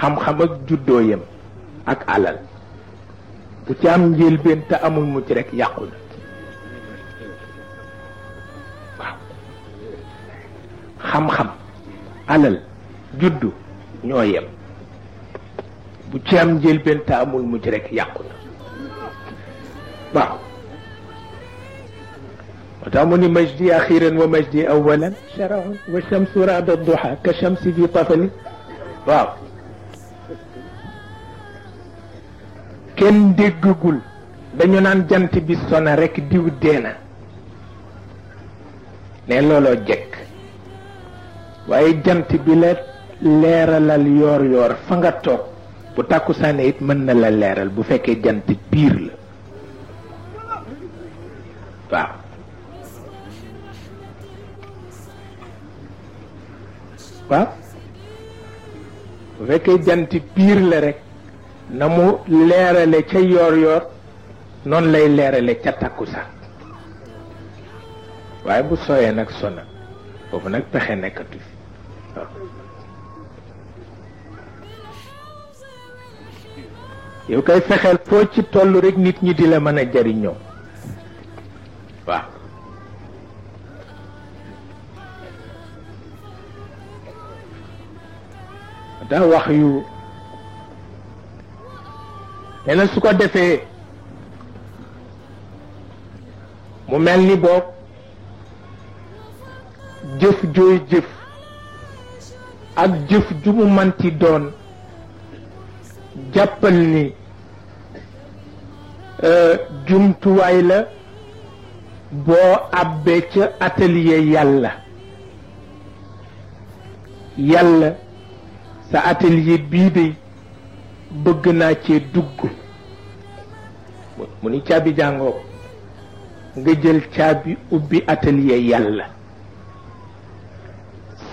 xam-xam ak juddoo yem ak alal bu ci am njëlbéen te amul mucc rek yàqu na waaw xam-xam alal juddu ñoo yem bu ci am njëlbéen te amul mucc rek yàqu na waaw moo tax mu ni majdi axiran wa majdi awalan sharaun wa shamsu raada duha ka shamsi bi tafali waaw kenn déggagul dañu naan jant bi sona rekk diw dee na ne looloo jekk waaye jant bi la leeralal yoor yoor fa nga toog bu tàkkusaane it mën na la leeral bu fekkee jant piir la waaw waaw bu fekkee jant piir la rekk na mu leerale ca yoor yoor noonu lay leerale ca takkusaan waaye bu sooyee nag sona boobu nag pexe nekkatu yow koy fexeel foo ci toll rek nit ñi di la mën a jariñoo waaw daa wax yu nee na su ko defee mu mel ni boog jëf jooy jëf ak jëf ju mu manti doon jàppal ni euh, jumtuwaay la boo àbbee ca atelier yàlla yàlla sa atelier bii de bëgg naa cee dugg mu ni caabi jàngoog nga jël caabi ubbi atelier yàlla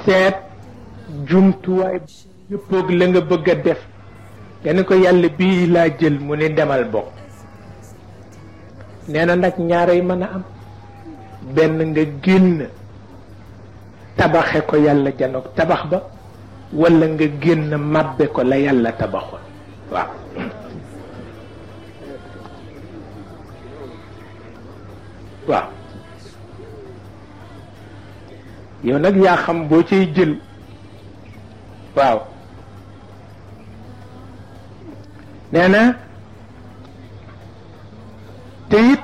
seet jumtuwaay yëppoog la nga bëgg a def nga ne ko yàlla bii laa jël mu ni demal bokk nee nag ñaarey mën a am benn nga génn tabaxe ko yàlla janoog tabax ba walla nga génn màbbe ko la yàlla tabaxoon waaw waaw yow nag yaa xam boo cay jël waaw nee na te it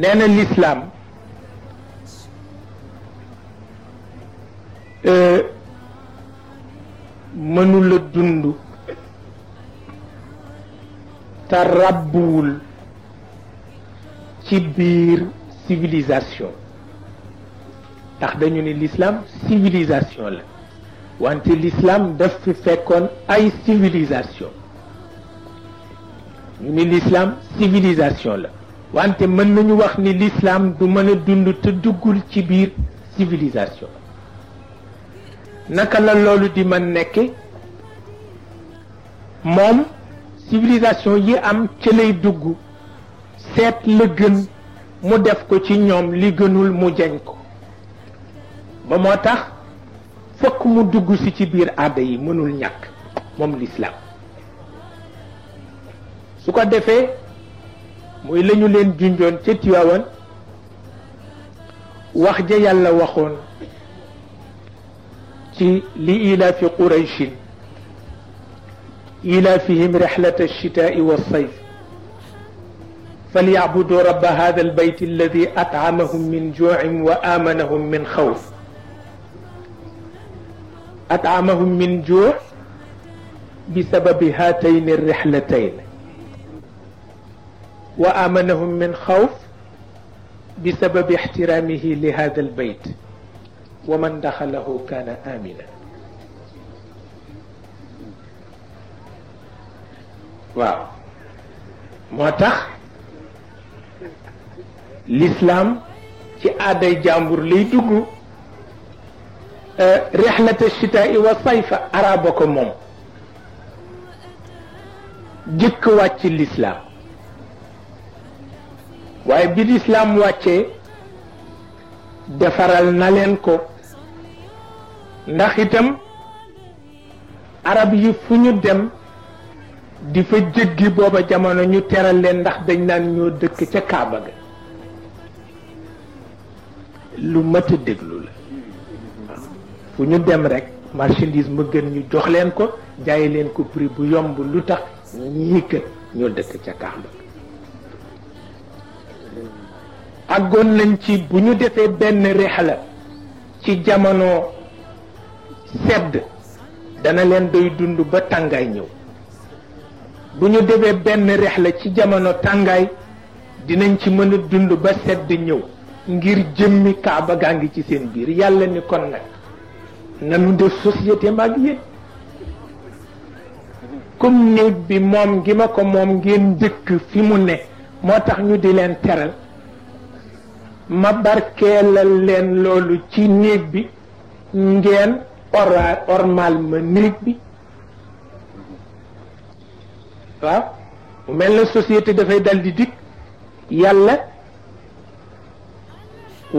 nee lislaam euh, mënula dund te ràbbuwul ci biir civilisation tax dañu ne l'islam civilisation la wante l'islam daf fi fekkoon ay civilisation ñu ni l'islam civilisation la wante mën nañu wax ni lislaam du mën a dund te duggul ci biir civilisation naka la loolu di mën nekk moom civilisation yi am ci lay dugg seet la gën mu def ko ci ñoom li gënul mu jeñ ko ba moo tax fokk mu dugg si ci biir aada yi mënul ñàkk moom lislaam su ko defee mooy lañu leen junjoon ca Tiwaawan wax ja yàlla waxoon ci li ilaafi qurayshin ilaafihim rixlata alchitaai walsayf falyacbuduu rabba hada albayt alladi atcamahum min juucin wa aamanahum min xawf atcamahum min juuc bisababi haatayn alrixlatayn wa aamanahum min xawf bisababi ixtiraamihi li hada albayt wa man daxalahu kaana amina waaw moo tax lislaam ci aaday jàmbur lay dugg euh, rixlata chitaai wa sayfa araba ko moom jëkk wàcc lislaam waaye bi lislaam wàccee defaral na leen ko ndax itam arab yi fu ñu dem di fa jéggi booba jamono ñu teral leen ndax dañ naan ñoo dëkk ca Kaaba ga lu mat a déglu la fu ñu dem rek marchandise ma gën ñu jox leen ko jaay leen ko prix bu yomb lu tax ñii kat ñoo dëkk ca Kaaba ga àggoon nañ ci bu ñu defee benn rihla ci jamono sedd dana leen doy dund ba tàngaay ñëw bu ñu demee benn rex la ci jamono tàngaay dinañ ci mën a dund ba sedd ñëw ngir jëmmi kaaba gaa ngi ci seen biir yàlla ni kon nag nanu def société mag yéen comme néeg bi moom gi ma ko moom ngeen dëkk fi mu ne moo tax ñu di leen teral ma barkeelal leen loolu ci néeg bi ngeen ormal ma néeg bi waaw mel na société dafay dal di dikk yàlla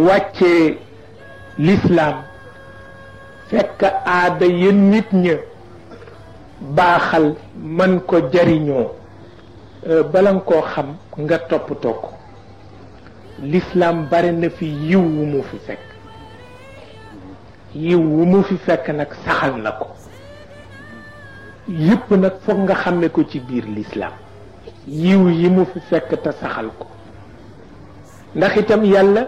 wàcce lislaam fekk aada yën nit ña baaxal man ko jariñoo euh, bala nga koo xam nga toppatoo ko lislaam bari na fi yiw wu mu fi fekk yiw wu mu fi fekk nag saxal na ko yépp nag foog nga xàmme ko ci biir lislaam yiw yi mu fi fekk te saxal ko ndax itam yàlla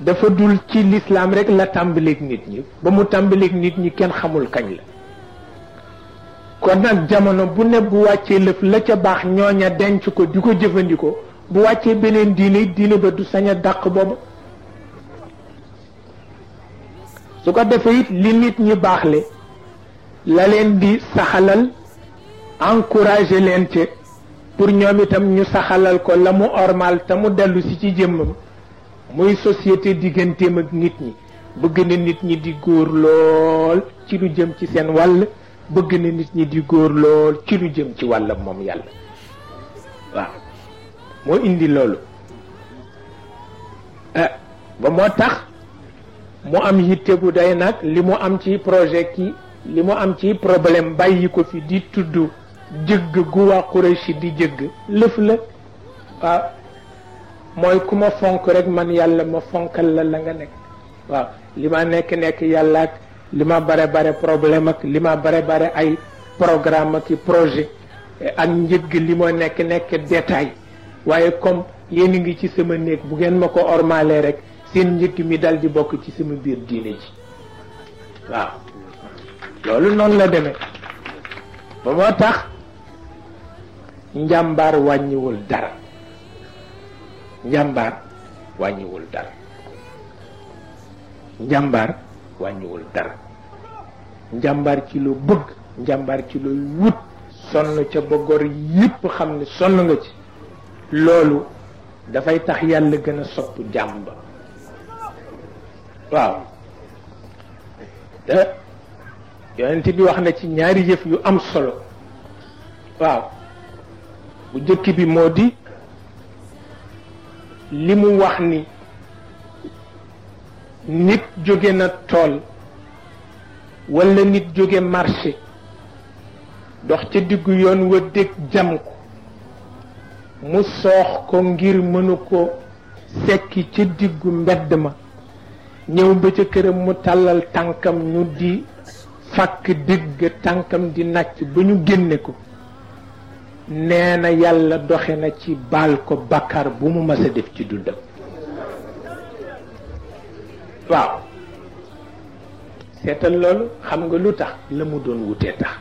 dafa dul ci lislaam rek la tàmbaleeg nit ñi ba mu tàmbaleek nit ñi kenn xamul kañ la kon nag jamono bu ne bu wàccee lëf la ca baax ñooña denc ko di ko jëfandikoo bu wàccee beneen diine diine ba du sañ dàq booba su ko defee it li nit ñi baax baaxle la leen di saxalal encouragé leen te pour ñoom itam ñu saxalal ko la mu ormal te mu dellu si ci jëmmam muy société digganteem ak nit ñi bëgg na nit ñi di góor lool ci lu jëm ci seen wàll bëgg na nit ñi di góor lool ci lu jëm ci wàll moom yàlla waaw moo indi loolu eh, ba moo tax mu am yitte gu day nag li mu am ci projet ki li mu am ci problème bàyyi ko fi di tudd jëgg gu waa Quraysh di jëgg lëf la waaw mooy ku ma fonk rek man yàlla ma fonkal la la nga nekk waaw li ma nekk nekk yàlla ak li ma bare bare problème ak li ma bare bare ay programme ak i projet ak njëgg li ma nekk nekk détail waaye comme yéen a ngi ci sama néeg bu ngeen ma ko ormale rek seen njëkk mi dal di bokk ci sama biir diine ji waaw loolu noonu la demee ba moo tax njàmbaar wàññiwul dara njàmbar wàññiwul dara njàmbar wàññiwul dara njàmbaar ci lu bëgg njàmbaar ci lu wut sonn ca ba gor yépp xam ne sonn nga ci loolu dafay tax yàlla gën a sopp jàmm ba waaw te eh, yonent bi wax na ci ñaari yëf yu am solo waaw bu jëkk bi moo di li mu wax ni nit jóge na tool walla nit jóge marché dox ca diggu yoon wa dégg jam ko mu soox ko ngir mënu ko sekki ca diggu mbedd ma ñëw ba ca këram mu tàllal tànkam ñu di fàkk digg tànkam di nàcc ba ñu génne ko nee na yàlla doxe na ci baal ko bàkkaar bu mu mës a def ci dundam waaw seetal loolu xam nga lu tax la mu doon wutee tax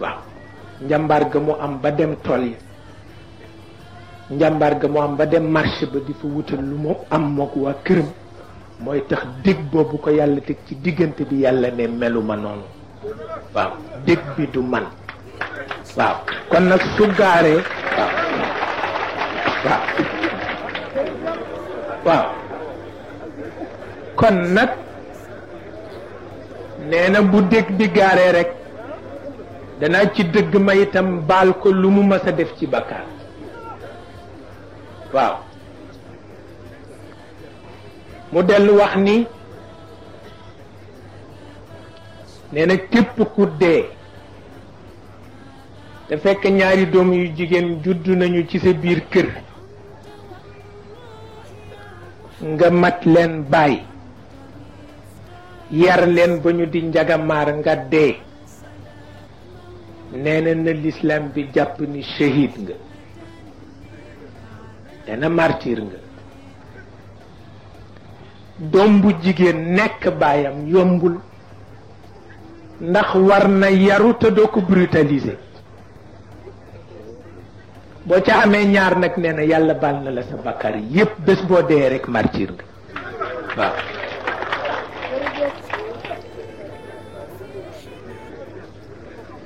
waaw njàmbaar ga mu am ba dem tool yi njàmbaar ga mu am ba dem marché ba di fa wutal lu mu am mook waa këram mooy tax dig boobu ko yàlla teg ci diggante bi yàlla ne meluma noonu waaw dig bi du man waaw kon nag su gaaree waaw waaw kon nag nee na bu dég bi gaaree rek danaa ci dëgg ma itam baal ko lu mu mës a def ci bakkaar waaw mu dellu wax ni nee na képp ku dee te fekk ñaari doom yu jigéen juddu nañu ci sa biir kër nga mat leen bàyyi yar leen ba ñu di njagamaar nga dee nee na na lislaam bi jàpp ni shahid nga nee na martyr nga doom bu jigéen nekk baayam yombul ndax war na yaru te ko brutaliser boo ca amee ñaar nag nee yàlla baal na la sa bakkaar yépp bés boo dee rekk martyr nga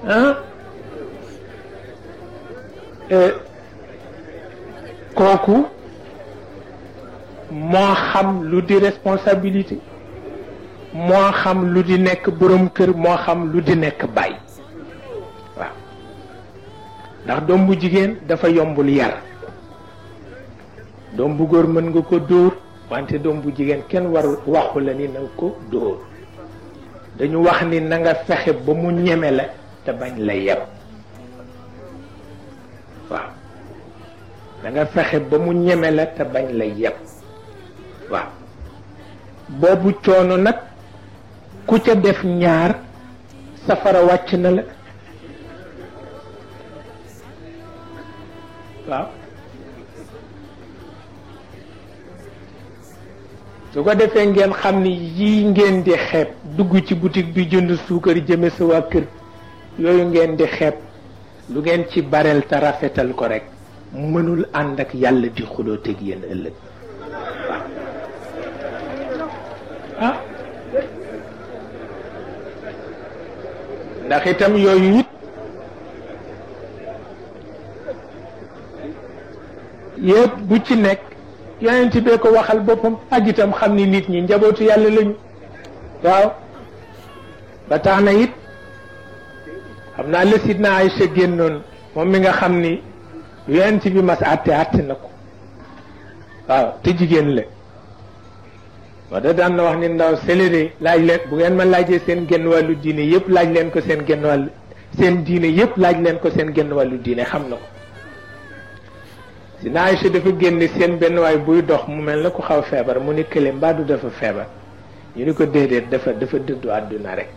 waaw ah. eh, kooku moo xam lu di responsabilité moo xam lu di nekk boroom kër moo xam lu di nekk baay waaw ndax doom bu jigéen dafa yombul yar doom bu góor mën nga ko dóor wante doom bu jigéen kenn war waxu la ni na ko dóor dañu wax ni nanga nga fexe ba mu ñeme la te bañ la yeb waaw na fexe ba mu ñeme la te bañ la yeb waaw boobu coono nag ku ca def ñaar safara wàcc na la waaw su ko defee ngeen xam ni yi ngeen di xeeb dugg ci boutique bi jënd suukar jëme sa waa yooyu ngeen di xeeb lu ngeen ci bareel te rafetal ko rekk mënul ànd ak yàlla di xuloo teg ëllëg ndax itam yooyu it yëpp bu ci nekk yonent bee ko waxal boppam ak itam xam ni nit ñi njabootu yàlla lañu waaw ba tax na it xam naa la sidna Aysa génnoon moom mi nga xam ni yonent bi mas àtte àtte na ko waaw te jigéen la moo tax daan na wax ni ndaw séléri laaj leen bu ngeen ma laajee seen genn wàllu diine yëpp laaj leen ko seen genn wàllu seen diine yëpp laaj leen ko seen genn wàllu diine xam na ko si naa Aïcha dafa génn seen benn waay buy dox mu mel na ku xaw feebar mu ni kële mbaadu dafa feebar ñu ni ko déedéet dafa dafa dëddu àdduna rek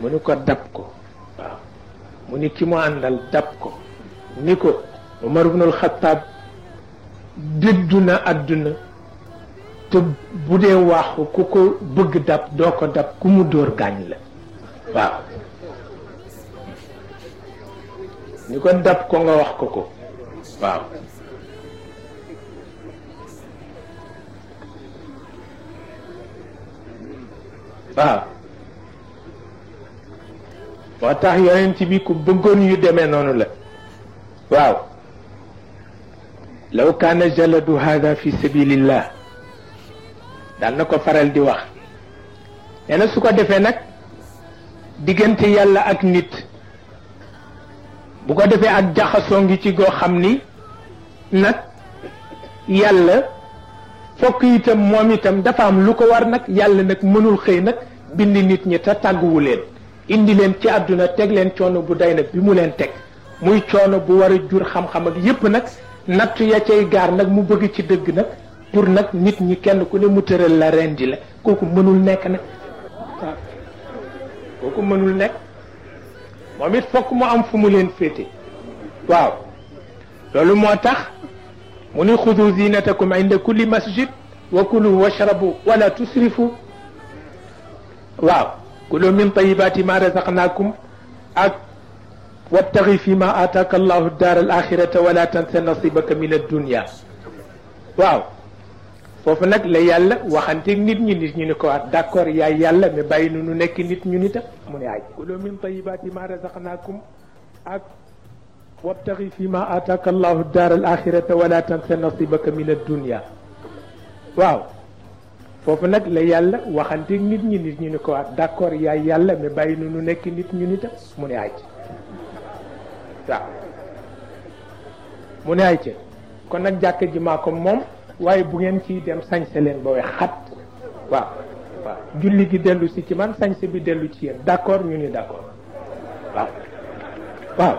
mu ni ko dab ko waaw mu ni ki mu àndal dab ko ni ko Umar ibnul Xattaab dëddu na àdduna te bu dee waaxu ku ko bëgg dab doo ko dab ku mu dóor gaañ la waaw ni ko dab ko nga wax ko ko waaw waaw moo tax yonent bi ku bëggoon yu deme noonu la waaw law kaana jaladu hada fi sabilillah daan na ko faral di wax nee na su ko defee nag diggante yàlla ak nit bu ko defee ak jaxasoo ngi ci goo xam ni nag yàlla fokk itam moom itam dafa am lu ko war nag yàlla nag mënul xëy nag bind nit ñi te tàgguwu leen indi leen ci àdduna teg leen coono bu day na bi mu leen teg muy coono bu war a jur xam-xam ak yépp nag nattu ya cay gaar nag mu bëgg ci dëgg nag pour nag nit ñi kenn ku ne mu tëral la rendi la kooku mënul nekk nag waaw ah. kooku mënul nekk moom it fokk mu am fu mu leen féete waaw loolu moo tax mu ni xudu zinatakum inda kulli wa kulu washrabu wala tusrifu waaw kulu min tayibati ma razaqnakum ak wattaqi fi ma ataaka allahu daar al axirata wala tansa nasibaka min ad dunia waaw foofu nag la yàlla waxante nit ñi nit ñu ni ko wax d'accord yaay yàlla mais bàyyi nu nu nekk nit ñu nitam mu ne ay kulu min tayibaati ma razaqnaakum ak wabtaxi fi ma ataaka allahu daar al axirata wala tansa nasibaka min addunia waaw foofu nag la yàlla waxante nit ñi ñu ni ko wax d'accord yaay yàlla mais bàyyi nu nu nekk nit ñu nitam mu ne ay mu ne ay kon nag jàkk ji maa ko moom waaye bu ngeen ci dem sañse leen ba wex xat waaw julli gi dellusi ci man sañse bi dellu ci yéen d'accord ñu ni d'accord waaw waaw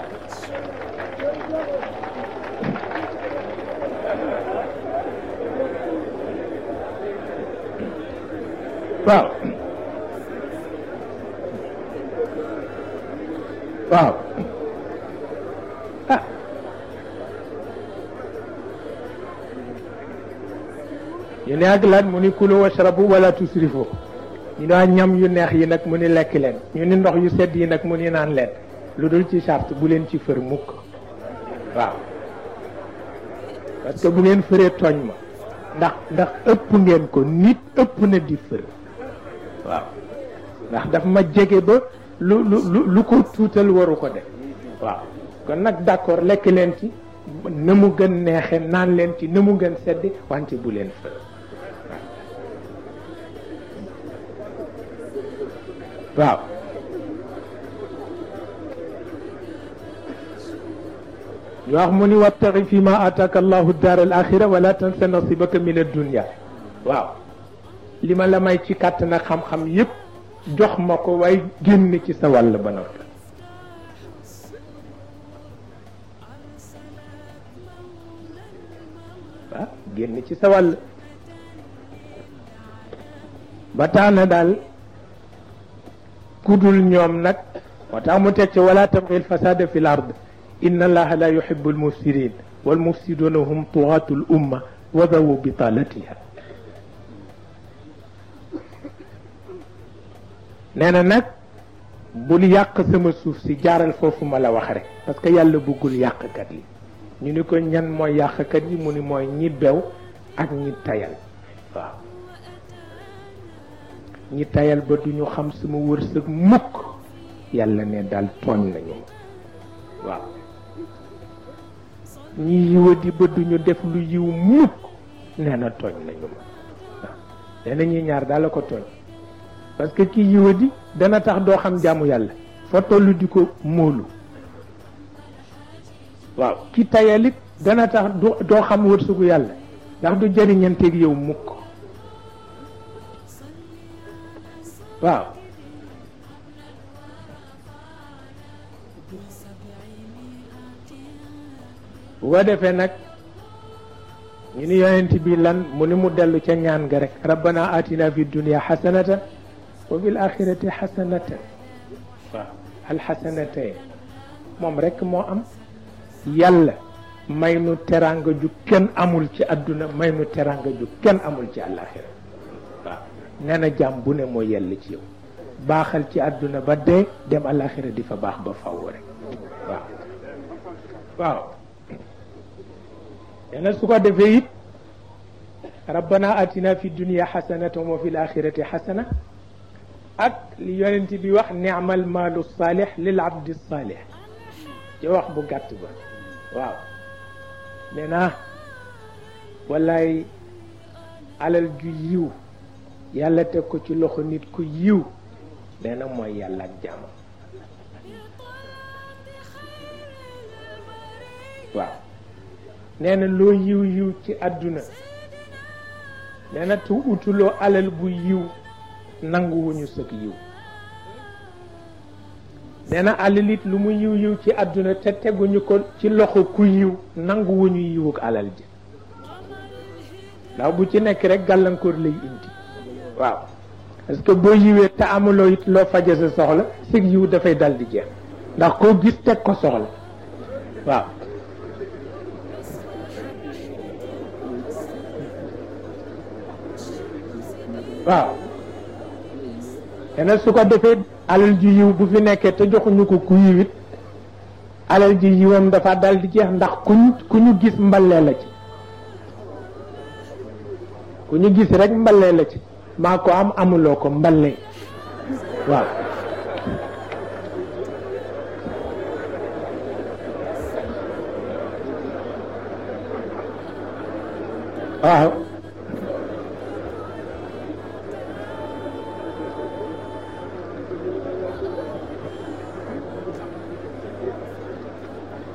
waaw waaw ah ñu ne ak lan mu ni kulu washrabu wala tusrifu ñu ne ñam yu neex yi nag mu ni lekk leen ñu ni ndox yu sedd yi nag mu ne naan leen lu dul ci charte bu leen ci fër mukk waaw parce bu ngeen fëree tooñ ma ndax ndax ëpp ngeen ko nit ëpp na di fër waaw ndax daf ma jege ba lu lu lu ko tuutal waru ko def waaw kon nag d'accord lekk leen ci na mu gën neexe naan leen ci na mu gën sedd wante bu leen fër waaw ñu wax mu ni wabtaxi fi ma ataaka allahu daar al axira wala tansa nasibaka min addunia waaw li ma la may ci kàttan ak xam-xam yépp jox ma ko waaye génn ci sa wàll ba noppi na daal kudul ñoom nag moo tax mu teg ci wala tabxi lfasada fi l ard inna allaha la yuhibu almufsidin walmufsiduna hum tuwaatu l umma wa dawu bitalatiha nee na nag bul yàq sama suuf si jaaral foofu ma la wax rek parce que yàlla bëggul yàqkat yi ñu ni ko ñan mooy yàqkat yi mu ni mooy ñi ak ñi tayal waaw ñi tayal ba duñu xam sama wërsëg mukk yàlla ne daal tooñ nañu waaw ñi yiwa di ba ñu def lu yiw mukk nee na tooñ nañu waaw nee na ñuy ñaar daal la ko tooñ parce que kii yiwa di dana tax doo xam jaamu yàlla foo tollu di ko muulu waaw ki tayalit dana tax doo xam wërsëgu yàlla ndax du jëriñanteeg yow mukk waaw bu ko defee nag ñu ni yonent bi lan mu ni mu dellu ca ñaan ga rek rabbana atina fi dunia xasanatan wa fil axirati xasanatan waaw alxasanatayn moom rek moo am yàlla may nu teraanga ju kenn amul ci àdduna may nu teraanga ju kenn amul ci àllaaxira nee na jàmm bu ne moo yell ci yow baaxal ci àdduna ba dee dem alaxira di fa baax ba faw waaw waaw nee na su ko defee it rabbana atina fi dunia xasanatan wa fi l axirati ak li yonent bi wax niamal wax bu gàtt ba na wallaay alal ju yàlla teg ko ci loxo nit ku yiw nee mooy yàlla ak jàmm waaw nee loo yiw yiw ci àdduna nee na tu utuloo alal bu yiw nanguwuñu sëg yiw nee na alal it lu mu yiw yiw ci àdduna te teguñu ko ci loxo ku yiw nanguwuñu yiwuk alal ji ndax bu ci nekk rek gàllankoor lay indi waaw parce que boo yiwee te amuloo it loo faje sa soxla sëg yiw dafay dal di jeex ndax koo gis teg ko soxla waaw waaw dana su ko defee alal ji yiw bu fi nekkee te joxuñu ko ku yiw it alal ji yiwam dafa dal di jeex ndax kuñ ku ñu gis mbalee la ci ku ñu gis rek mbalee la ci maa ko am amuloo ko mballe waaw waaw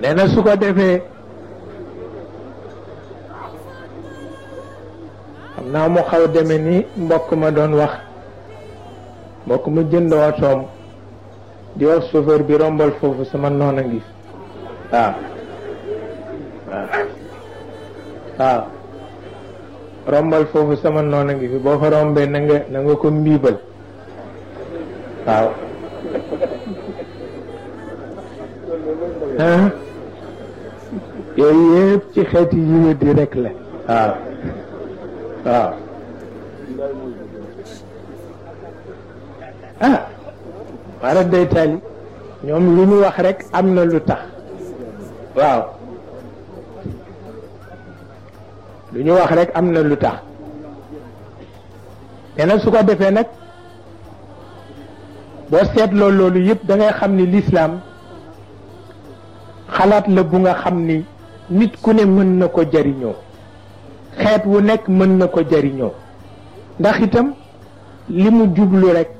nee na su ko defee naa mu xaw deme ni mbokk ma doon wax mbokk mu jënd otoom di wax chauffeur bi rombal foofu sama noon a ngi waaw waaw waaw rombal foofu sama noon a ngi fi boo fa rombee na nga ko mbiibal waaw yooyu yëpp ci xeeti yiwét di rek la waaw waaw ah wara day tali ñoom lu ñu wax rekk am na lu tax waaw lu ñu wax rekk am na lu tax te nag su ko defee nag boo seetloo loolu yëpp dangay xam ni lislaam xalaat la bu nga xam ni nit ku ne mën na ko jariñoo xeet wu nekk mën na ko jariñoo ndax itam li mu jublu rekk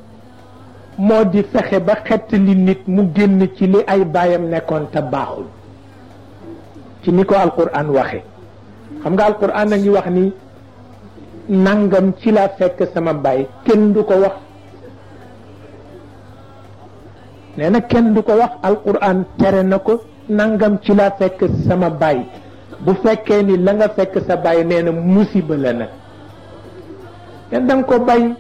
moo di fexe ba xettali nit mu génn ci li ay baayam nekkoon te baaxul ci ni ko alquran waxe xam nga alquran a ngi wax ni nangam ci laa fekk sama baay kenn du ko wax nee na kenn du ko wax alquran tere na ko nangam ci laa fekk sama baay bu fekkee ni la nga fekk sa bàyyi nee na musiba la nag te da ko bàyyi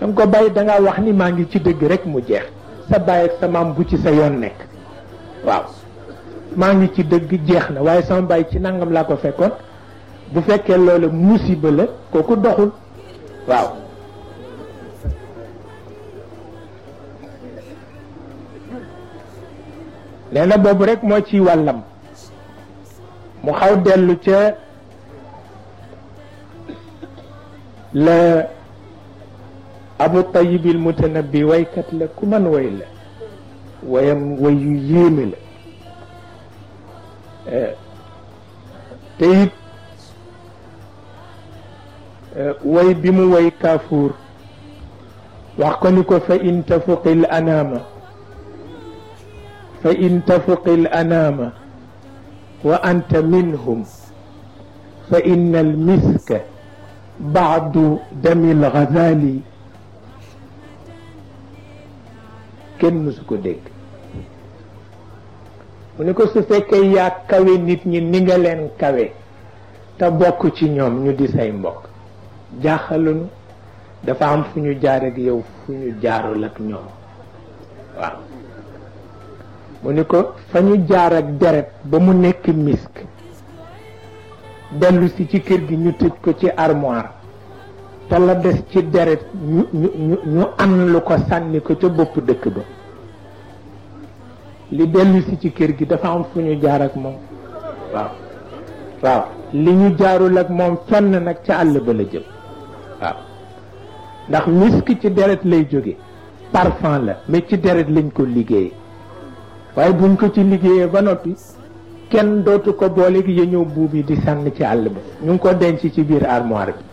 da ko bàyyi da wax ni maa ngi ci dëgg rek mu jeex sa bàyyi ak sa maam bu ci sa yoon nekk waaw maa ngi ci dëgg jeex na waaye sama bàyyi ci nangam laa ko fekkoon bu fekkee loola musiba la kooku doxul waaw nee na boobu rek moo ci wàllam mu xaw dellu ca la abu tayibil mutanabbi waykat la ku man way la wayam way yu yéeme la eh, te it eh, way bi mu way kaafuur wax ko ni ko fa in tafuqil anaama fa in tafuqil anaama wa anta minhum fa inna almiska baadu dami alxazali kenn mësu ko dégg mu ne ko su fekkee yaa kawe nit ñi ni nga leen kawe te bokk ci ñoom ñu di say mbokk jaaxalunu dafa am fu ñu jaar ak yow fu ñu jaarul ak ñoom waaw mu ni ko fa ñu jaar ak deret ba mu nekk misk dellusi ci kër gi ñu tëj ko ci armoire te la des ci deret ñu ñu ñu am lu ko sànni ko ca bopp dëkk ba li dellu si ci kër gi dafa am fu ñu jaar ak moom waaw waaw li ñu jaarul ak moom fenn nag ca àll ba la jëm waaw ndax misk ci deret lay jóge parfum la mais ci deret lañ ko liggéey waaye buñ ko ci liggéeyee ba noppi kenn dootu ko boole gi ñëw buub yi di sànn ci àll bi ñu ngi ko denc ci biir armoire bi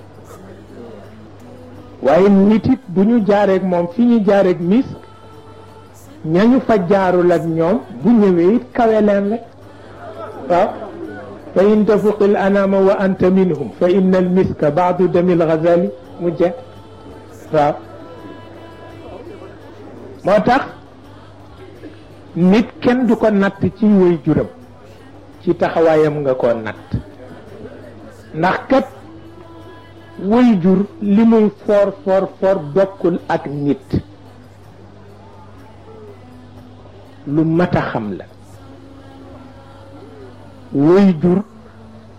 waaye nit it bu ñu jaareeg moom fi ñu jaareeg misk ñañu fa jaarul ak ñoom bu ñëwee it kawe leen rek waaw ah, fa in tafuqil anama wa anta minhum fa inna al miska baadu damil ghazali mu jeex waaw ah. moo tax nit kenn du ko natt ci woy juram ci taxawaayam nga ko natt ndax kat woy jur li muy foor foor foor bokkul ak nit lu mat a xam la woy jur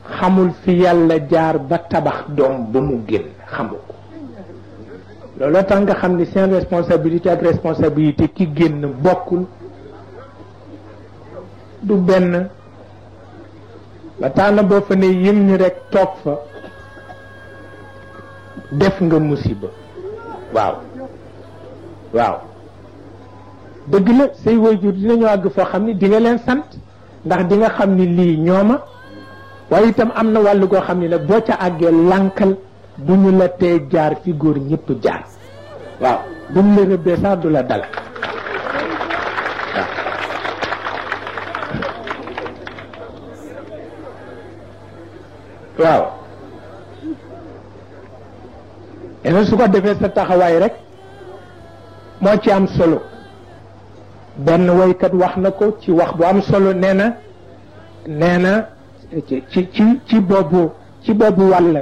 xamul fi yàlla jaar ba tabax doom ba mu génn xamu ko looloo tax nga xam ni seen responsabilité ak responsabilité ki génn bokkul du benn ba taana boo fa ne yëm ñu rekk toog fa def nga musiba waaw waaw dëgg la say waajur dinañu àgg foo xam ni di leen sant ndax di nga xam ni lii ñooma waaye itam am na wàll goo xam ni nag boo ca àggee lànkal du ñu la tee jaar fi góor ñépp jaar waaw bu la rëbbee sax du la dal waaw ene su ko defee sa taxawaay rek moo ci am solo benn woykat wax na ko ci wax bu am solo nee na nee na ci ci ci boobu ci boobu wàll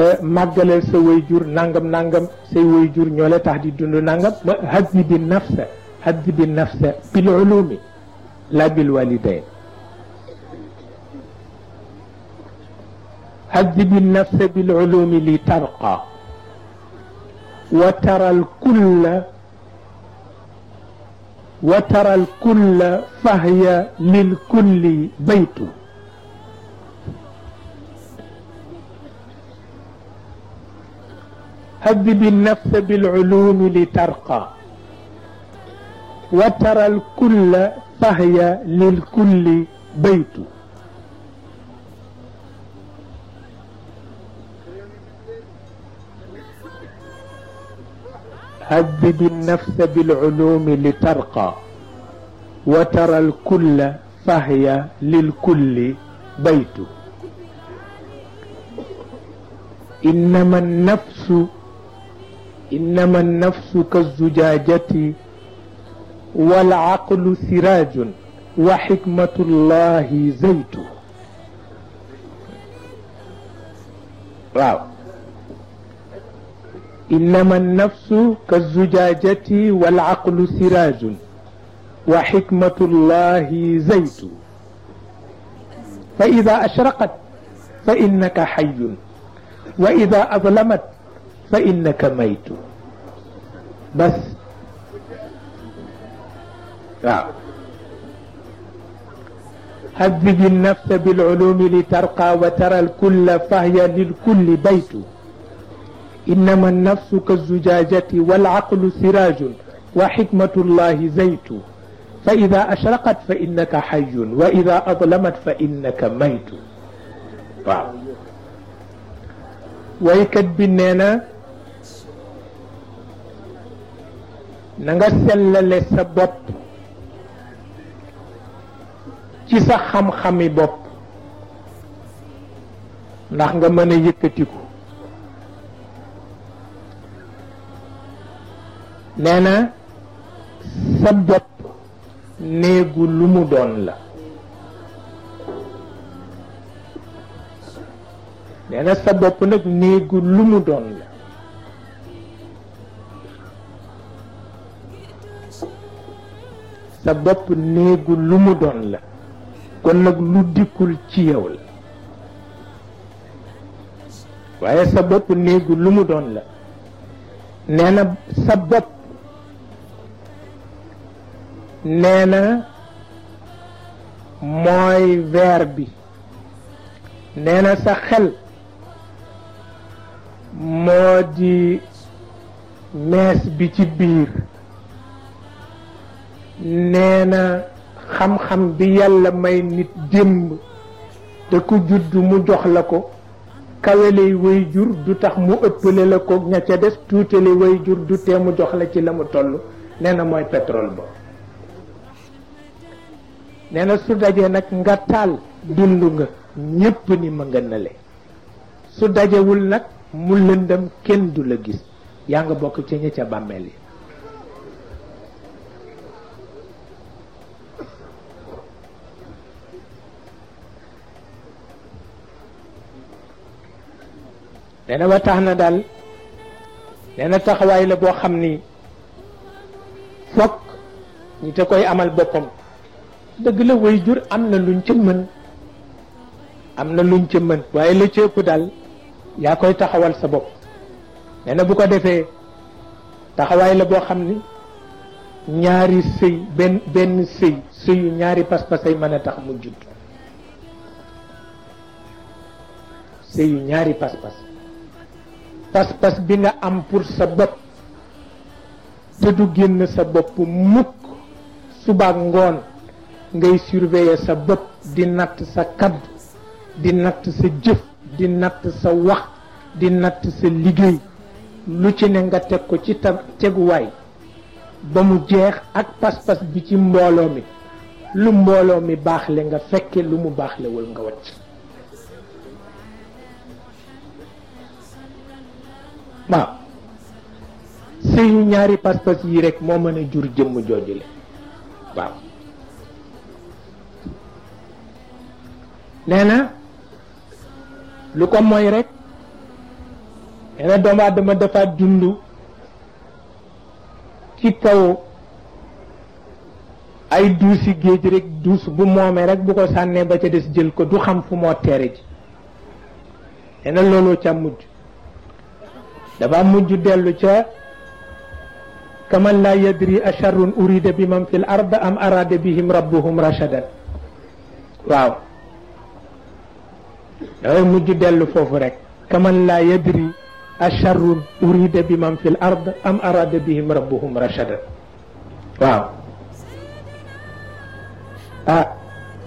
e, màggalal sa jur nangam nangam say jur ñoo la tax di dund nangam ma haddi bi nafsa haddi bi nafsa bil ulumi la bil walidayn هذب النفس بالعلوم لترقى وترى الكل وترى الكل فهي للكل بيت هذب النفس بالعلوم لترقى وترى الكل فهي للكل بيت هذب النفس بالعلوم لترقى وترى الكل فهي للكل بيت إنما النفس إنما النفس كالزجاجة والعقل سراج وحكمة الله زيت واو إنما النفس كالزجاجة والعقل سراج وحكمة الله زيت فإذا أشرقت فإنك حي وإذا أظلمت فإنك ميت بس آه. هذه النفس بالعلوم لترقى وترى الكل فهي للكل بيت innama annafsu ka zujaajati wal aqlu siraajun wa xikmatullahi zaytu fa ida ashraqat fa innaka xayun wa ida adlamat fa innaka maytu waaw waykat bi nee na na nga sellale sa bopp ci sa xam-xami bopp ndax nga mën a yëkkatiku neena na sa bopp néegu lu mu doon la nee na sa bopp néegu lu mu doon la sa bopp mu kon nag lu dikkul ci yow la waaye sa bopp néegu lu mu doon la nee na sa bopp nee na mooy weer bi nee na sa xel moo di mees bi ci biir nee na xam-xam bi yàlla may nit démb te ku judd mu jox la ko kaweley way jur du tax mu ëppale la ko ña ca des tuutale way jur du tee mu jox la ci la mu toll nee na mooy pétrole ba nee na su dajee nag nga taal dund nga ñépp ni ma nga nale su dajewul nag mu lëndam kenn du la gis yaa nga bokk ca ña ca bàmmeel yi nee na ba na daal nee na taxawaay la boo xam ni fokk ñi te koy amal boppam dëgg la way jur am na luñ ca mën am na luñ ca mën waaye la ci ëpp dal yaa koy taxawal sa bopp nee na bu ko defee taxawaay la boo xam ni ñaari sëy benn benn sëy sëyu ñaari pas-pasay mën a tax mu judd sëyu ñaari pas-pas pas-pas bi nga am pour sa bopp te du génn sa bopp mukk subaak ngoon ngay surveiller sa bopp di natt sa kaddu di natt sa jëf di natt sa wax di natt sa liggéey lu ci ne nga teg ko ci teguwaay ba mu jeex ak pas-pas bi ci mbooloo mi lu mbooloo mi baaxle nga fekke lu mu baax baaxlewul nga wacc waaw sëyu ñaari pas-pas yi rekk moo mën a jur jëmm jooju nee na lu ko moy rek nee na doomu aadama dafa ci kaw ay duusi géej rek duus bu moomee rek bu ko sànnee ba ca des jël ko du xam fu moo teere ji nee na looloo ca mujj dafa mujj dellu ca kaman laa yadri acharrun urida bi man fi l ard am arada bihim rabbuhum rashadan waaw dafay mujj dellu foofu rek kaman laa yadri acharru urida bi man fil ard am arada bihim rabbuhum rachada waaw ah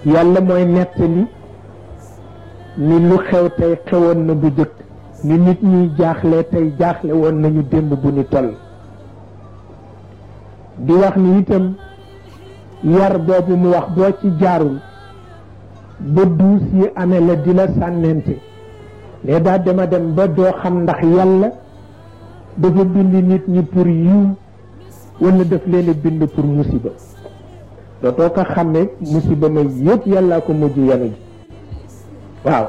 yàlla mooy nettali ni lu xew tey xewoon na bu jëkk ni nit ñuy jaaxle tey jaaxle woon nañu démb bu ni toll di wax ni itam yar boobu mu wax boo ci jaarul ba duus yi amee la di la sànnente les daa dema dem ba doo xam ndax yàlla dafa bind nit ñi pour yiw wala daf leen a bind pour musiba dootoo ko xamee musiba ma yépp yàllaa ko mujj yanu ji waaw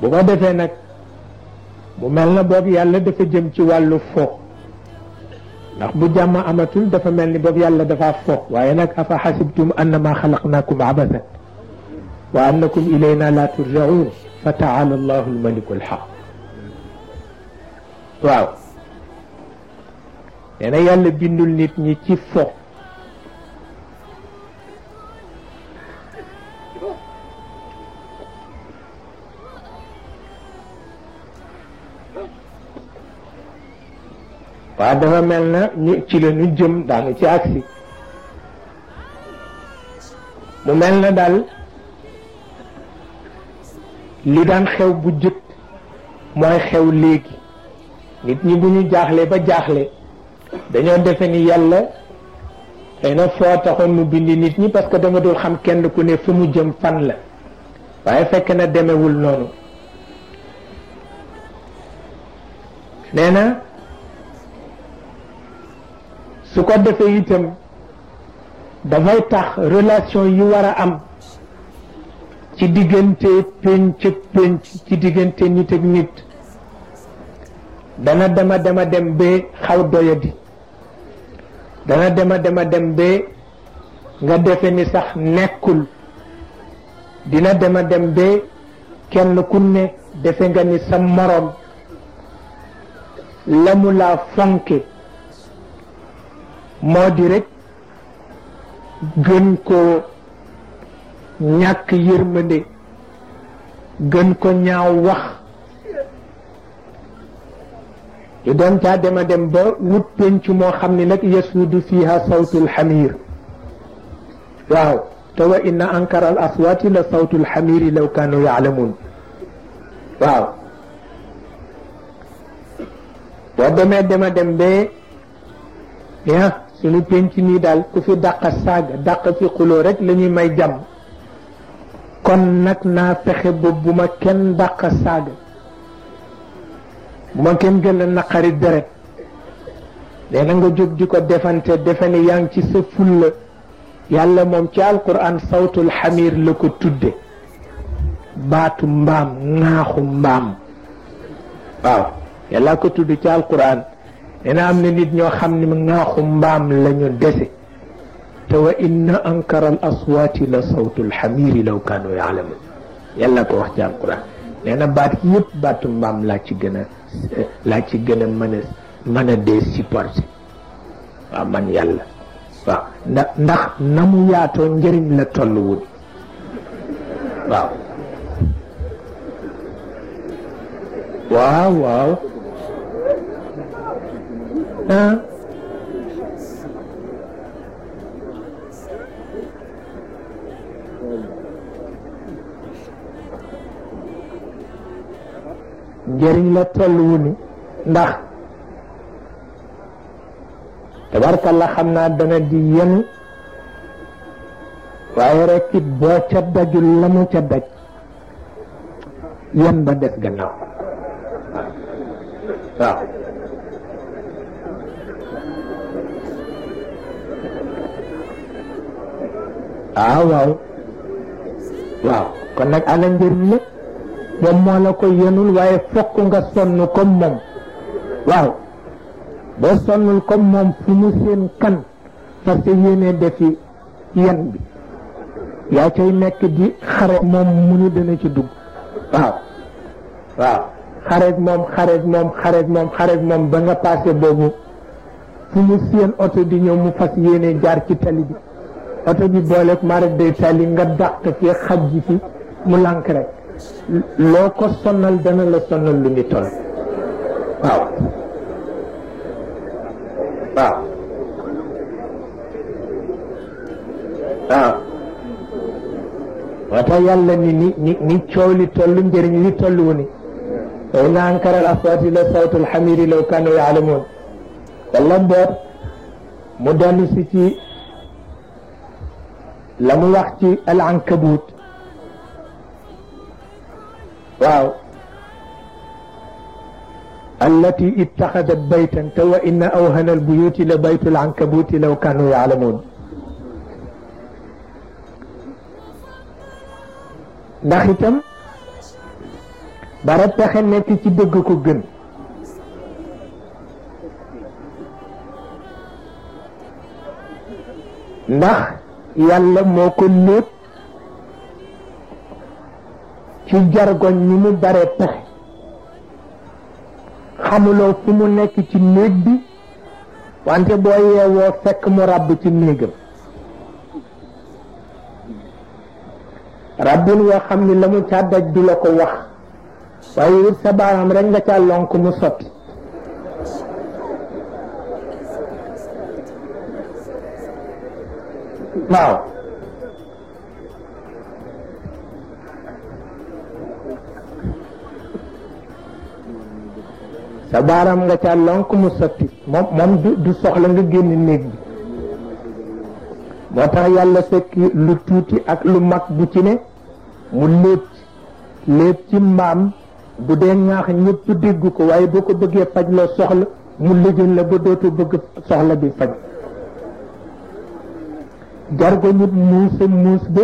bu ko defee nag mu mel na boobu yàlla dafa jëm ci wàllu fo ndax bu jàmm amatul dafa mel ni boobu yàlla dafa fo waaye nag a afa xasibtum annama xalaqnakum abasa wa annakum ilayna la turjaun fa taala allahu almaliku alxaq waaw nee na yàlla bindul nit ñi ci fo waaw dafa mel na ñu ci la ñu jëm daanu ci agsi mu mel na daal li daan xew bu jëkk mooy xew léegi nit ñi bu ñu jaaxle ba jaaxle dañoo defe ni yàlla xëy na foo taxoon mu bindi nit ñi parce que da nga dul xam kenn ku ne fu mu jëm fan la waaye fekk na demewul noonu nee na su ko defee itam dafay tax relation yu war a am ci diggante pénc pénc ci diggante nit ak nit dana dema dema dem ba xaw doyadi dana dema dema dem ba nga defe ni sax nekkul dina dema dem ba kenn ku ne defe nga ni sa morom la mu laa fonke moo di rek gën ko ñàkk yërmande gën ko ñaaw wax ñu doon caa dema dem ba wut penc moo xam ni nag yasuudu fiha sawtu alxamir waaw te wa inna ankara al la sawtu alxamiri law kaanu yaalamuun waaw boo demee dema dem bee ah penc nii daal ku fi dàq saaga dàq fi xuloo rek lañuy may jàmm kon nag naa fexe ba bu ma kenn dàq saaga bu ma kenn gën a naqari deret de na jóg di ko defante defe ne yaa ngi ci sa fulla yàlla moom ci alquran sawtul xamir la ko tudde baatu mbaam ŋaaxu mbaam waaw yàlla ko tudd ci alquran nee na am na nit ñoo xam ne ŋaaxu mbaam lañu ñu dese te wa inna ankara al aswaati la sawtu alxamiri law kaanu yaalamun yàlla ko wax ci alquran nee na baat yëpp baatu mbaam laa ci gën a laa ci gën a mën a mën a dee supporté waaw man yàlla waaw ndax na mu yaatoo njëriñ la tolluwul waaw waaw waaw ah njëriñ la tolluwu ni ndax tabarkalla xam naa dana di yenu waaye rek it boo ca dajul la mu ca daj yen ba des gannaaw waaw ah, waaw waaw kon nag ana njëriñ la moom moo la ko yenul waaye fokk nga sonn comme moom waaw boo sonnul comme moom fu mu seen kan parce que yéene defi yen bi yaa cay nekk di xare moom munu dana ci dugg waaw waaw xareeg moom xareeg moom xareeg moom ba nga passé boobu fu mu seen oto di ñëw mu fas yéene jaar ci tali bi oto bi booleeg mara day tali nga dàq fi xaj fi mu lànk rek loo ko sonal dana la sonal lu ni toll waaw waaw waaw moo tax ni ni ni ni coow li li toll wu ni wa inna ankara al aswaati la sawtu alxamiri law kaanu yaalamuun walla mboot mu dellu si ci la mu wax al ankabut waaw allati ittaxadat baytan te wa inna awhana albuyuti la baytu lankabuti law kanu yaalamuun ndax itam bara pexe nekk ci dëgg ko gën ndax yàlla moo ko lépp ci jargoñ ni mu bare pexe xamuloo fu mu nekk ci néeg bi wante boo yeewoo fekk mu ràbb ci néegam rabbin woo xam ni la mu caa du la ko wax waaye it sa baaraam rek nga caa lonk mu sotti waaw sa baaraam nga ca lonk mu sotti moom moom du soxla nga génn néeg bi moo tax yàlla fekk lu tuuti ak lu mag bu ci ne mu léeb léeb ci mbaam bu dee ñaax ñëpp dégg ko waaye boo ko bëggee faj loo soxla mu lëjën la ba dootu bëgg soxla bi faj jar muus muus ba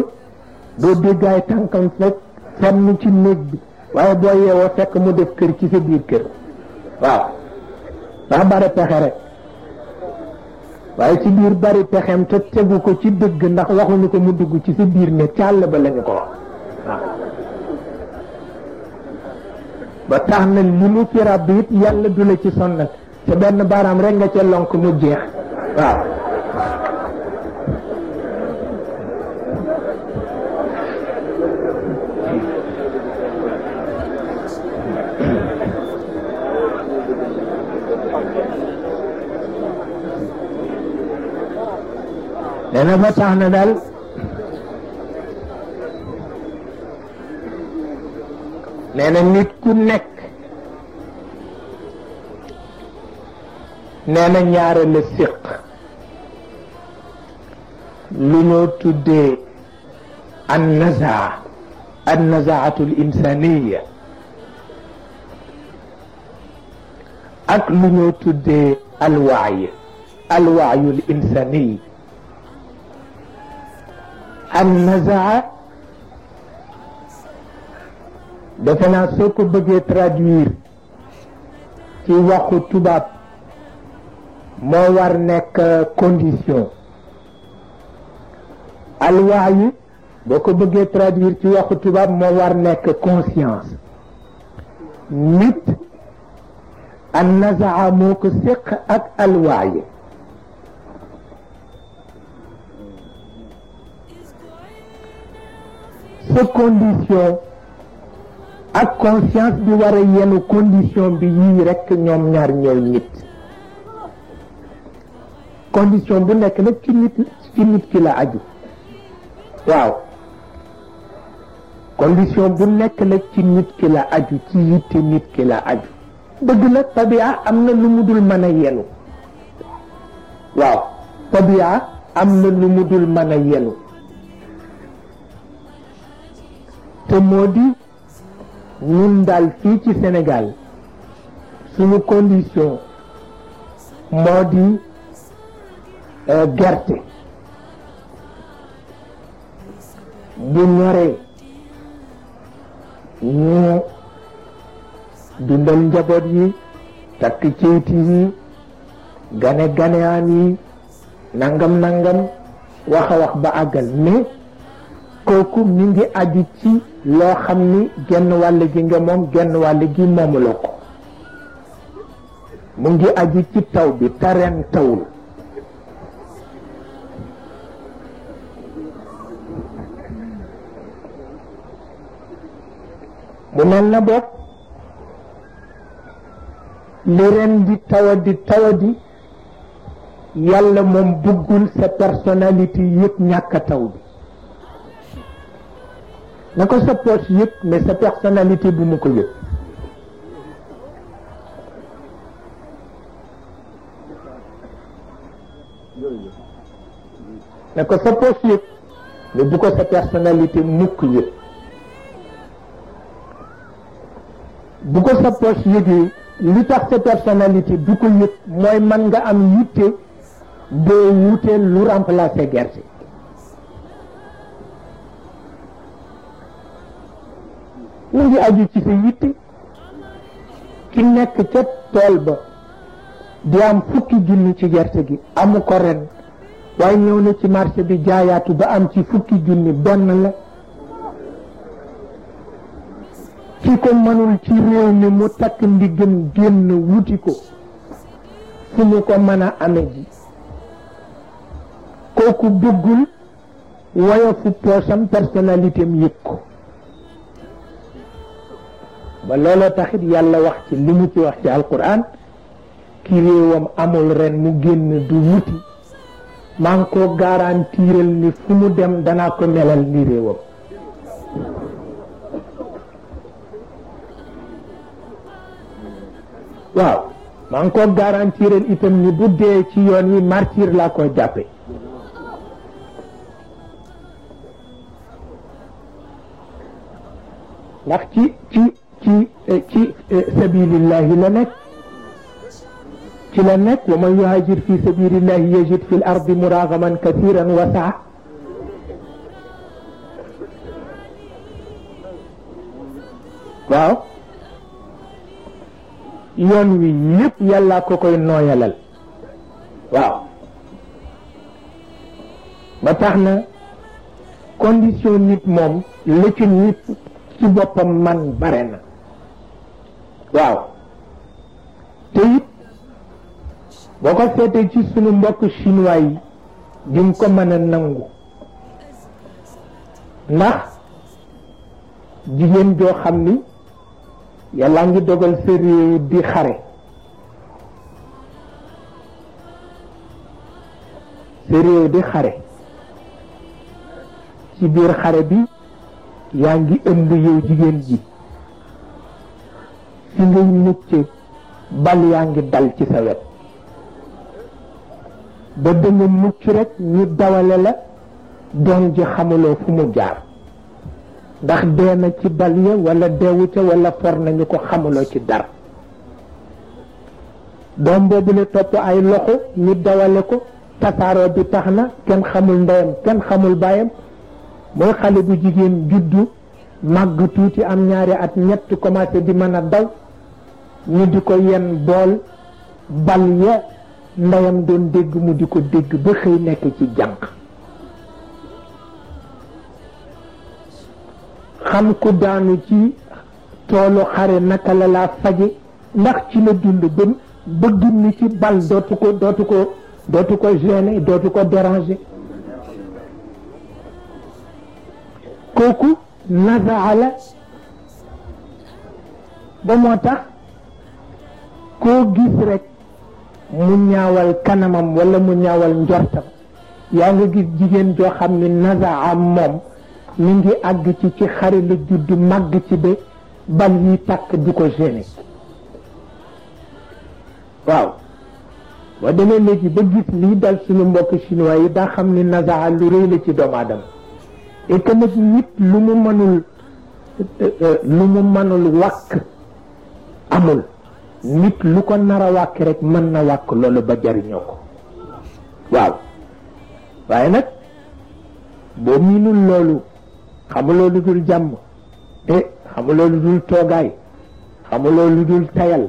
doo déggaay tànkam fekk fenn ci néeg bi waaye boo yeewoo fekk mu def kër ci sa biir kër waaw daa bare pexe rek waaye ci biir bari pexem te tegu ko ci dëgg ndax waxuñu ko mu dugg ci sa biir ne càll ba lañu ko wax waaw ba tax na li mu ci ràbb it yàlla du la ci sonnal te benn baaraam rek nga ca lonk mu jeex waaw nee na ba tax na daal nee na nit ku nekk nee na ñaare la siq lu ñoo tuddee an nazaa an nazaatu l insaniya ak lu ñoo tuddee alwaay alwaayu l insaniya an-nazaa defe naa soo ko bëggee traduire ci waxu moo war nekk condition alwaayu boo ko bëggee traduire ci waxu tubaab moo war nekk conscience nit an-nazaa moo ak alwaayu sa condition ak conscience bi war a yenu condition bi yii rekk ñoom ñaar ñooy nit condition bu nekk nag ci nit ci nit ki la aju waaw condition bu nekk nag ci nit ki la aju ci yitte nit ki la aju bëgg la tabia am na lu mu dul mën a yenu waaw tabia am na lu mu dul mën a yenu te moo di ñun daal fii ci Sénégal suñu condition moo di euh, gerte bu ñoree ñu dundal njaboot yi takk ceyti yi gane ganeyaan yi nangam nangam wax wax ba àggal mais kooku mi ngi aju ci loo xam ni genn wàll gi nga moom genn wàll gi moomuloo ko mu ngi aju ci taw bi tareen tawul mu mel na bopp li ren di tawadi tawadi yàlla moom bëggul sa personnalité yëpp ñàkk taw bi na ko sa poche yëg mais sa personnalité bu mu ko yëg na ko sa poche yëg mais bu ko sa personnalité mukk yëg bu ko sa poche yëgee li tax sa personnalité du ko yëg mooy mën nga am yitte boo wutee lu remplacer gerte mu ngi aju ci sa yitte ki nekk ca tool ba di am fukki junni ci gerte gi amu ko ren waaye ñëw na ci marché bi jaayaatu ba am ci fukki junni benn la ki ko mënul ci réew mi mu takk ndiggam génn wuti ko fu mu ko mën a ame ji kooku bëggul woyofu poosam personnalité am ko ba looloo taxit yàlla wax ci li mu ci wax ci alquran ki réewam amul ren mu génn du wuti maa ngi ko garantiral ni fu mu dem danaa ko melal ni réewam waaw maa ngi ko itam ni bu dee ci yoon wi martyr laa koy jàppe ndax ci ci ci eh, ci eh, sabilillahi la nekk ci la nekk wa man yuhajir fi sabilillahi yajid fi l ardi muraagaman kasiran wasaa waaw yoon wi yépp yàlla ko koy nooyalal waaw tax na condition nit moom la ci nit ci boppam man bare na waaw te it boo ko seetee ci sunu mbokk chinois yi di nga ko mën a nangu ndax jigéen joo xam ni yàlla ngi dogal sa di xare sa di xare ci biir xare bi yaa ngi ëmb yow jigéen ji fi ngay ci bal yaa ngi dal ci sa wet ba danga mucc rek ñu dawale la doom ji xamuloo fu mu jaar ndax dee na ci bal ya wala deewu ca wala for nañu ko xamuloo ci dara doom boobu topp ay loxo ñu dawale ko tasaaroo bi tax na kenn xamul ndeyam kenn xamul baayam mooy xale bu jigéen juddu màgg tuuti am ñaari at ñett commencé di mën a daw ñu di ko yenn bool bal ya ndeyam doon dégg mu di ko dégg ba xëy nekk ci jànq xam ku daanu ci toolu xare naka la laa faje ndax ci la dund ba bëgg ci bal dootu ko dootu ko dootu dootu ko déranger kooku nasaala ba moo tax koo gis rek mu ñaawal kanamam walla mu ñaawal njortam yaa nga gis jigéen joo xam ni nazaam moom mu ngi àgg ci ci xare la judd màgg ci ba bal yi takk du ko génne waaw boo demee léegi ba gis lii dal suñu mbokk chinois yi daa xam ni nazaa lu rëy la ci doomu aadama et que nit lu mu mënul euh, euh, lu mu mënul wàkk amul nit lu ko nar a wàkk rek mën na wàkk loolu ba jariñoo ko waaw waaye nag boo miinul loolu xamuloo lu dul jàmm eh xamuloo lu dul toogaay xamuloo lu dul tayal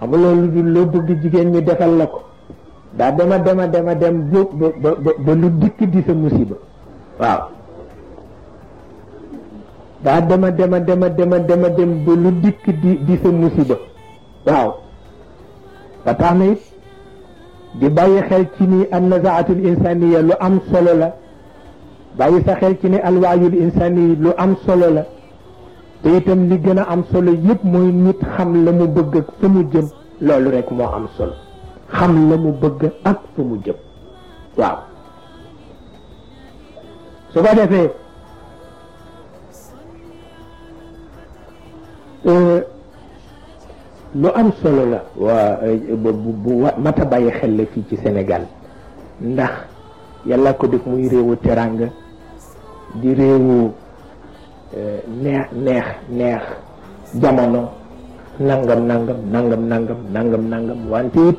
xamuloo lu dul loo bëgg jigéen ñi defal la ko daa dema dema dema dem ba ba ba lu dikk di sa musiba waaw daa dema dema dema dema dema dem ba lu dikk di di sa musiba waaw ba tax na it di bàyyi xel ci ni an nazaatul insaniya lu am solo la bàyyi sa xel ci ni alwaayul insani lu am solo la te itam li gën a am solo yëpp mooy nit xam la mu bëgg ak fa mu jëm loolu rek moo am solo xam la mu bëgg ak fa mu jëm waaw su ko defee euh, lu am solo la waa bu mat a bàyyi xel la fii ci Sénégal ndax yàlla ko def muy réewu teranga di réewu eh, neex neex neex jamono nangam nangam nangam nangam nangam nangam wante it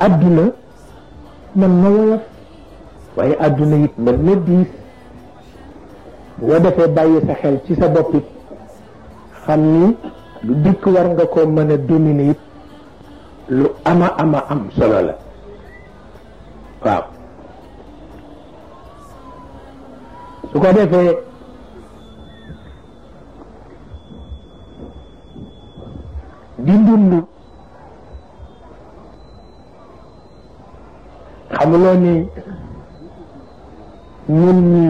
adduna mën na woyof waaye adduna it mën na diis boo defee bàyyi sa xel ci sa bopp xam ni lu dikk war nga ko mën a dominer it lu ama ama am solo la waaw su ko defee di dund xamuloo ni ñun ñi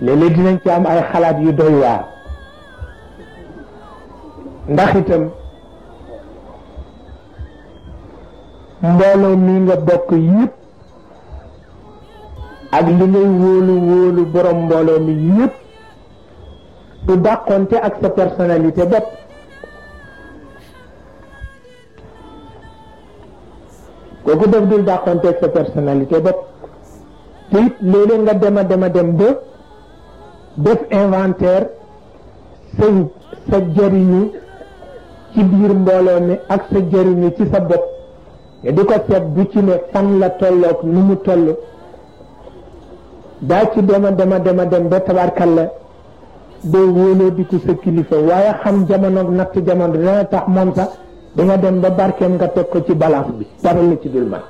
léeg-léeg dinañ ci am ay xalaat yu doy waar ndaxitam itam mbooloo mi nga bokk yëpp ak li ngay wóolu wóolu borom mbooloo mi yëpp du dàqonte ak sa personnalité bët kooku def dul dàqonte ak sa personnalité bët te it léeg-léeg nga dema dema dem ba def inventaire sa sa jëriñu ci biir mbooloo mi ak sa jëriñu ci sa bopp te di ko seet bu ci ne fan la tolloog nu mu toll daa ci dema dema dema dem ba tabarkal la doo wóoloo di ko sa kilifa waaye xam jamonoog natt jamono dana tax moom sax danga dem ba barkeem nga teg ko ci balance bi dara la ci dul man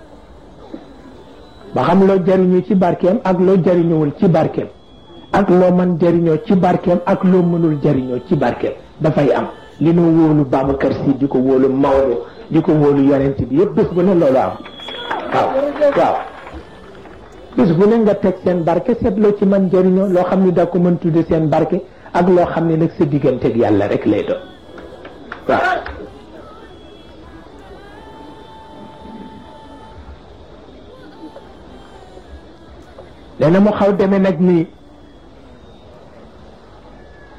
ba xam loo jëriñu ci barkeem ak loo jëriñuwul ci barkeem ak loo man jariñoo ci barkeem ak loo mënul jariñoo ci barkeem dafay am li nu wóolu Babacar Si di ko wóolu Maodo di ko wóolu yonent bi yëpp bés bu ne loolu am waaw waaw bés bu ne nga teg seen barke seetloo ci man jariñoo loo xam ni daa ko mën tudde seen barke ak loo xam ne nag sa digganteeg yàlla rek lay doon waaw nee mu xaw demee nag nii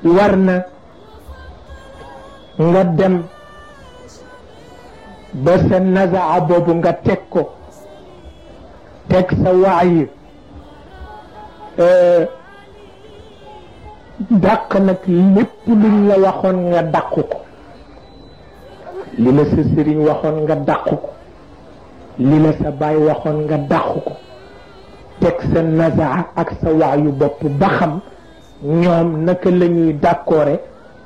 war na nga dem ba sa a boobu nga teg ko teg sa waay eh, dàq nag lépp luñ la waxoon nga dàq ko li la sa sëriñ waxoon nga dàq ko li sa baay waxoon nga dàq ko teg sa nazaa ak sa waayu bopp ba ñoom naka lañuy ñuy dàkkoore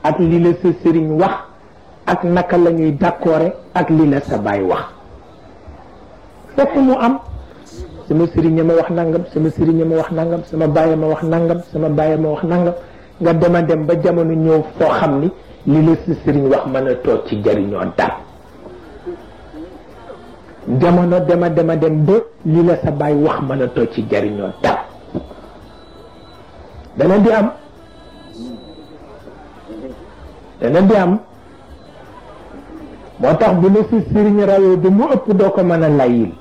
ak li la sa sëriñ wax ak naka la ñuy dàkkoore ak lii la sa baay wax fokk mu am sama sëriñ ma wax nangam sama sëriñ ma wax nangam sama baay ma wax nangam sama baay ma wax nangam nga dema dem ba jamono ñëw foo xam ni li la sa sëriñ wax mën a toog ci jariñoo dal jamono dema dema dem ba li la sa baay wax mën a toog ci jariñoo dal daneen di am daneen di am moo tax bu la si sëriñ rawee du mu ëpp doo ko mën a layil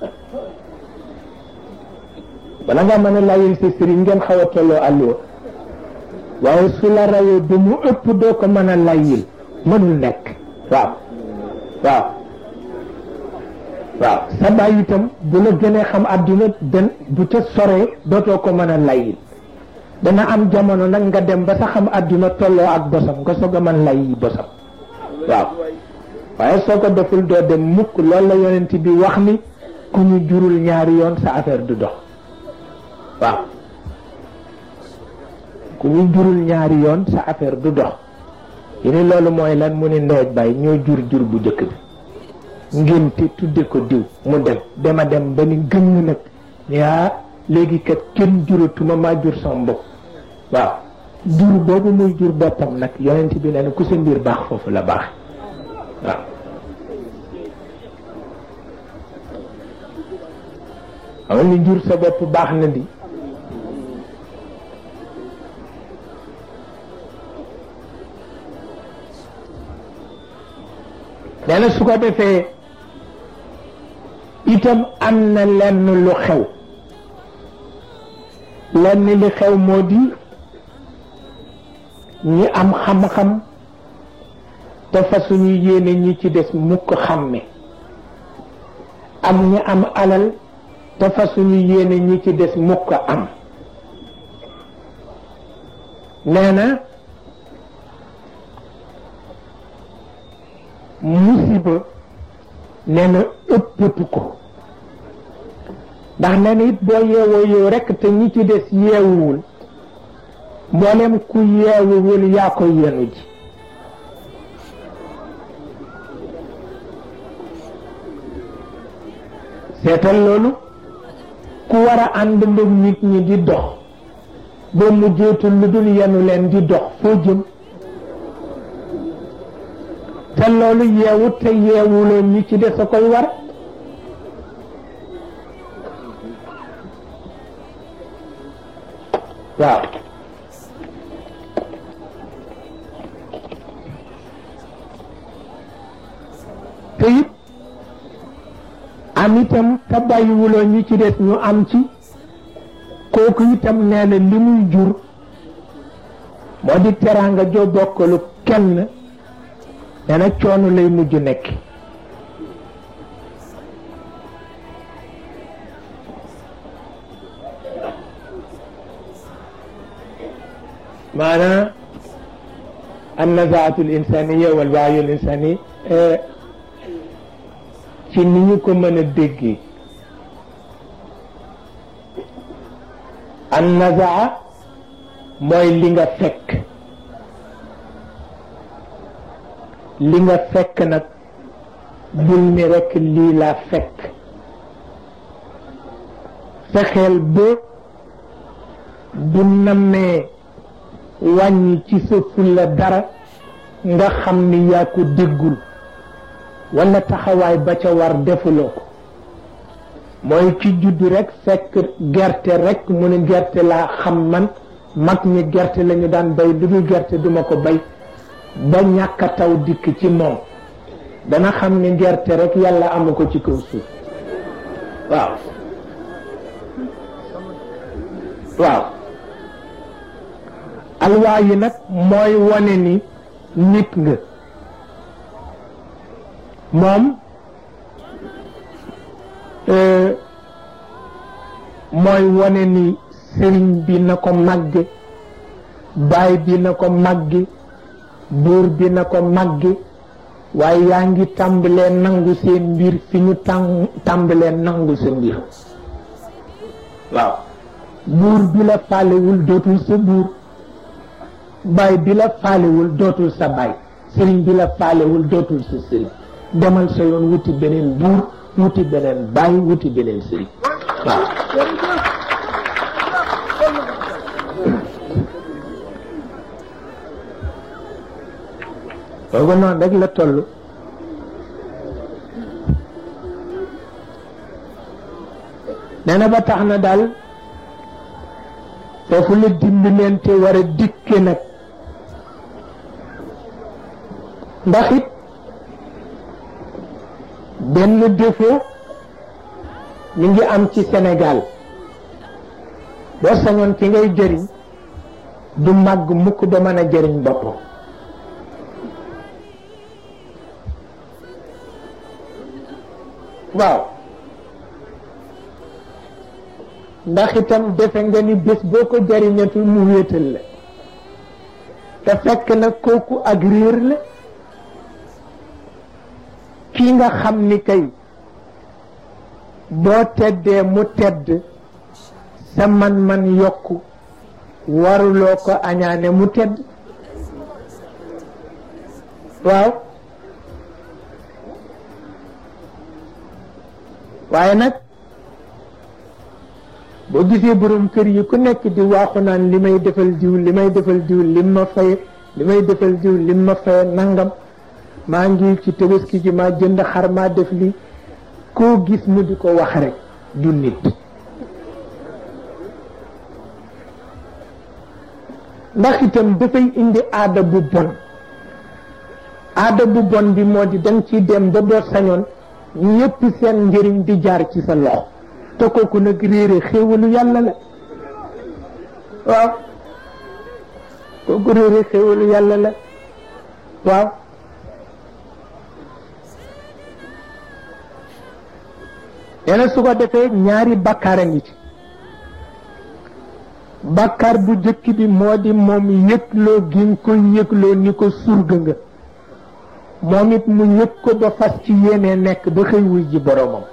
bala nga mën a layil si sëriñ ngeen xaw tolloo àlluwa waaye su la rawee du mu ëpp doo ko mën a layil mënul nekk waaw waaw waaw sa baay itam bu la gënee xam àdduna den bu ca soree dootoo ko mën a layil dana am jamono nag nga dem ba sa xam àdduna tolloo ak bosam nga soog a mën lay bosam waaw waaye soo ko deful doo dem mukk loolu la yonent bi wax ni ku ñu jurul ñaari yoon sa affaire du dox waaw jurul ñaari yoon sa affaire du dox yi ni loolu mooy lan mu ni ndeej bay ñoo jur jur bu jëkk bi ngénte tudde ko diw mu dem dema dem ba ni gëm nag yaa ah, léegi kat kenn juratuma maa jur sama bopp waaw jur boobu muy jur boppam nag yonent bi nee na ku sa mbir baax foofu la baax waaw xamal ni jur sa bopp baax na di nee su ko defee itam am na lenn lu xew lenn li xew moo di ñi am xam-xam te fasuñu yéene ñi ci des mukk xàmme am ñi am alal te suñu yéene ñi ci des mukk am nee na musiba nee na ëppatu ko ndax nee na it boo yeewoo yow rekk te ñi ci des yeewuwul mboolem ku yeewuwul yaa ko yenu ji seetal loolu ku wara a ànd ndëg nit ñi di dox ba mu jéetul lu dul yenu leen di dox foo jëm te loolu yeewu te yeewuloo ñi ci des a koy war waaw te it am itam te bàyyiwuloo ñu ci des ñu am ci kooku itam nee na li muy jur moo di teraanga joo bokkalu kenn nee na coono lay mujj nekk maanaam an nazaatul insaniya wal waayul insani ci ni ñu ko mën a déggee an nazaa mooy li nga fekk li nga fekk nag bul ni rekk lii laa fekk fexeel ba bu nammee wàññi ci sa fulla dara nga xam ni yaa ko déggul wala taxawaay ba ca war defuloo ko mooy ci juddu rekk fekk gerte rekk mu ne gerte laa xam man mag ñi gerte lañu daan bay lu dul gerte duma ko bay ba ñàkk taw dikk ci moom dana xam ni gerte rekk yàlla amu ko ci kaw suuf waaw waaw yi nag mooy wone ni nit nga moom e, mooy wone ni sëriñ bi na ko màgge baay bi na ko màgge buur bi na ko màgge waaye yaa ngi tàmbalee nangu seen mbir fi ñu tàn tàmbalee nangu sa mbir waaw buur bi la faalewul dootul sa buur baay bi la faalewul dootul sa baay sëriñ bi la faalewul dootul sa sëriñ demal sa yoon wuti beneen buur wuti beneen bàyyi wuti beneen sëriñ waaw booba noonu rek la toll nee ba tax na daal foofu la dimbalante war a dikke nag ndax benn défaut mi ngi am ci Sénégal boo sañoon ki ngay jëriñ du màgg mukk ba mën a jëriñ boppam waaw ndaxitam defe nga ni bés boo ko jëriñatul mu wéetal la te fekk na kooku ak réer la kii nga xam ni kay boo teddee mu tedd sa man-man yokk waruloo ko añaane mu tedd waaw waaye nag boo gisee borom kër yi ku nekk di waaxu naan li may defal diw li may defal diw lim ma faye li may defal diw lim ma faye nangam maa ngi ci tabaski ji maa jënd xar maa def li koo gis mu di ko wax rek du nit ndax itam dafay indi aada bu bon aada bu bon bi moo di danga ci dem ba doo sañoon ñépp seen njëriñ di jaar ci sa loxo te nag réere xéewalu yàlla la waaw kooku réere xéewalu yàlla la waaw nee su ko defee ñaari bakkaar a ngi ci bakkaar bu jëkk bi moo di moom yëgloo gi nga ko yëgloo ni ko surga nga moom it mu yëg ko ba fas ci yéene nekk ba xëy wuy ji boromam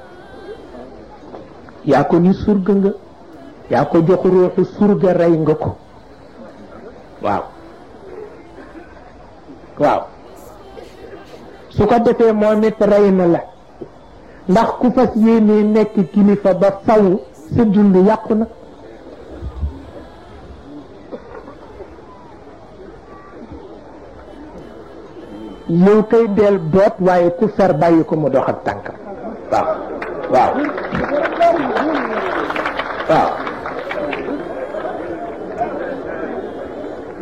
yaa ko ni surga nga yaa ko jox ruuxu surga rey nga ko waaw waaw su ko defee moom it rey na la ndax ku fas yéenee nekk kilifa ba faw sa dund yàqu na yow kay del boot waaye ku fer bàyyi ko mu dox ak tànk waaw waaw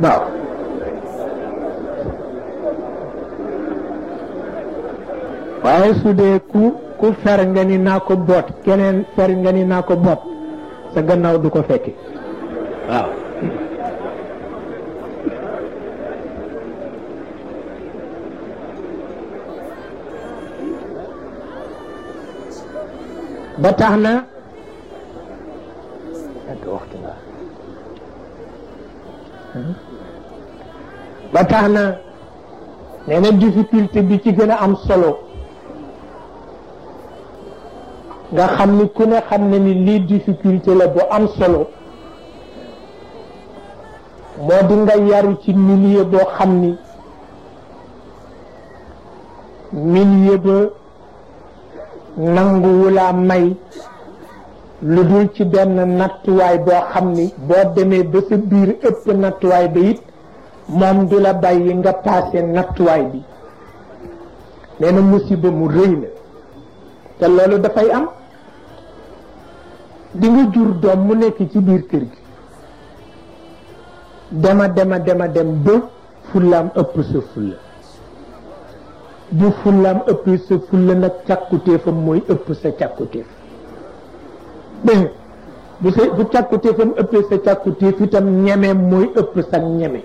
waaw waaw waaye su dee ku ku fer nga ni naa ko boot keneen fer nga ni naa ko boot sa gannaaw du ko fekki waaw ba tax na ba tax na nee na bi ci gën a am solo nga xam ni ku ne xam ne ni lii difficulté la bu am solo moo di nga yaru ci milieu boo xam ni milieu ba nanguwulaa may lu dul ci benn nattuwaay boo xam ni boo demee ba sa biir ëpp nattuwaay ba it moom du la bàyyi nga paase nattuwaay bi nee na musiba mu rëy la te loolu dafay am di nga jur doom mu nekk ci biir kër gi dema dama dema dem ba fullaam ëpp sa fulla bu fullaam ëpp sa fulla nag càkkutéefam mooy ëpp sa càkkutéef bu sa bu càkkutéefam ëppee sa càkkutéef itam ñemeem mooy ëpp sa ñeme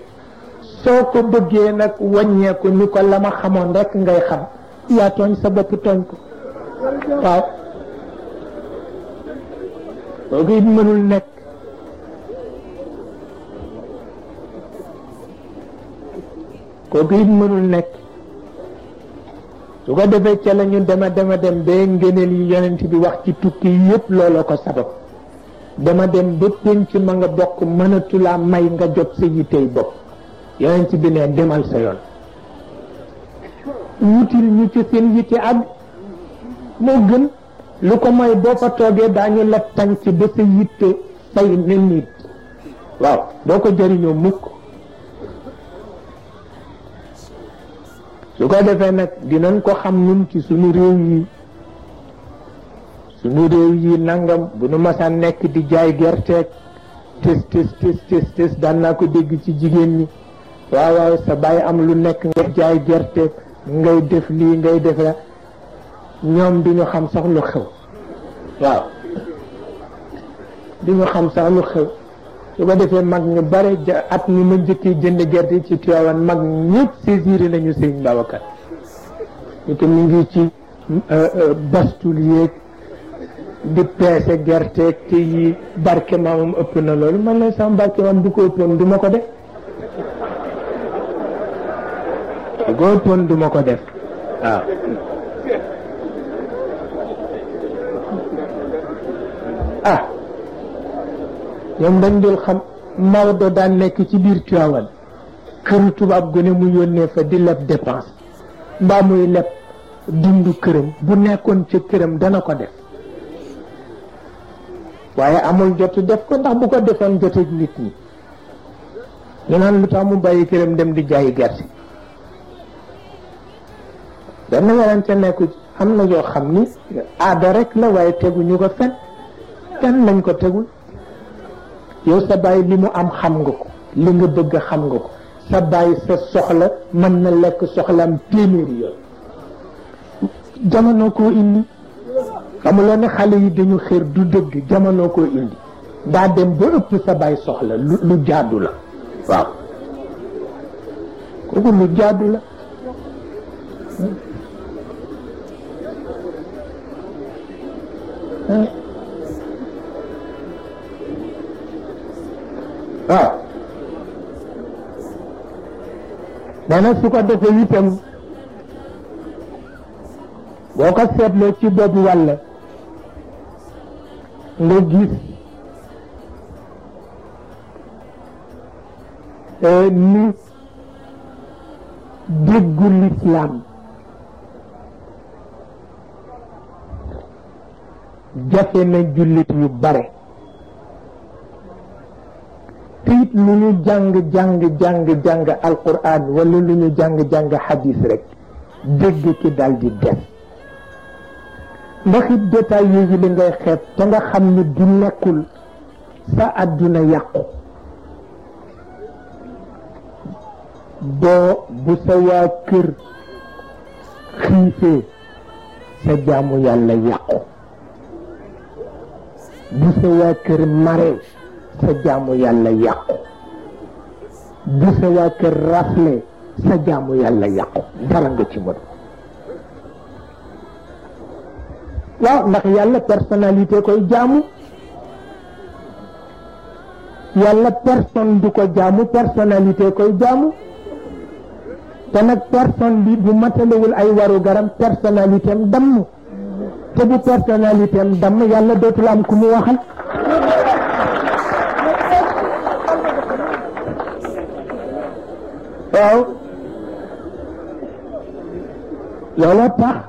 soo ko bëggee nag wàññeeku ni ko la ma xamoon rekk ngay xam yaa tooñ sa bopp tooñ ko waaw kooku it mënul nekk kooku it mënul nekk su ko defee ca la ñu dema dema dem ba ngëneel yi yonent bi wax ci tukki yépp looloo ko sabab dama dem ba pénc ma nga bokk mënatulaa may nga jot sa yittey bopp yonent bi ne demal sa yoon wutil ñu ci seen yitte ak moo gën lu ko mooy boo fa toogee daañu la tànc ba sa yitte fay ne nit waaw doo ko jëriñoo mukk lu ko defee nag dinañ ko xam nun ci suñu réew yi suñu réew yi nangam bu nu masaan nekk di jaay gerteeg tes tes tes tes tes daan naa ko dégg ci jigéen ñi waaw waaw sa baay am lu nekk nga jaay gerteeg ngay def lii ngay def ñoom duñu xam sax lu xew waaw duñu xam sax lu xew su ko defee mag ñu bare at ñu ma njëkkee jënd gerte ci Tiwaawan mag ñëpp saisir nañu Sëriñ Babacar ñu mu ngi ci euh, euh, bastul yéeg di peese gerte ci yi barke maamam ëpp na loolu man la sama barke maam ko ëppoon du ko def du ko ëppoon du ko def waaw ah. ah ñoom dañ dul xam Maodo daan nekk ci biir Tiwaawan këru tubaab gone mu yónnee fa di leb dépense mbaa muy leb dundu këram bu nekkoon ca këram dana ko def waaye amul jot def ko ndax bu ko defoon joteeg nit ñi ñu lu tax mu bàyyi këram dem di jaayi gerte benn werante nekku am na yoo xam ni aada rek la waaye tegu ñu ko fen kenn lañ ko tegul yow sa baay li mu am xam nga ko li nga bëgg xam nga ko sa bàyyi sa soxla mën na lekk soxlaam téeméeri yoon jamono koo indi xamuloo ne xale yi dañu xër du dëgg jamono koo indi daa dem ba ëpp sa bàyyi soxla lu jaadu la waaw kooku lu jaadu la waaw ah. nee na su ko defee itam boo ko seetloo ci boobu wàll nga gis eh, ni déggu lislaam jafe na jullit yu bare te lu ñu jàng jàng jàng jàng alquran wala lu ñu jàng jàng xadis rek dégg ki dal di des ndax it yooyu li ngay xeeb te nga xam ni du nekkul sa àdduna yàqu boo bu sa waa kër xiifee sa jaamu yàlla yàqu bu sa waa kër maree sa jaamu yàlla yàqu bu sa waa kër rafle sa jaamu yàlla yàqu dara nga ci mën waaw ndax yàlla personnalité koy jaamu yàlla personne du ko jàmm personnalité koy jaamu te nag personne bi bu matalewul ay waru garam personnalité am damm te bu personnalité am damm yàlla dootul am ku mu waxal waaw loola tax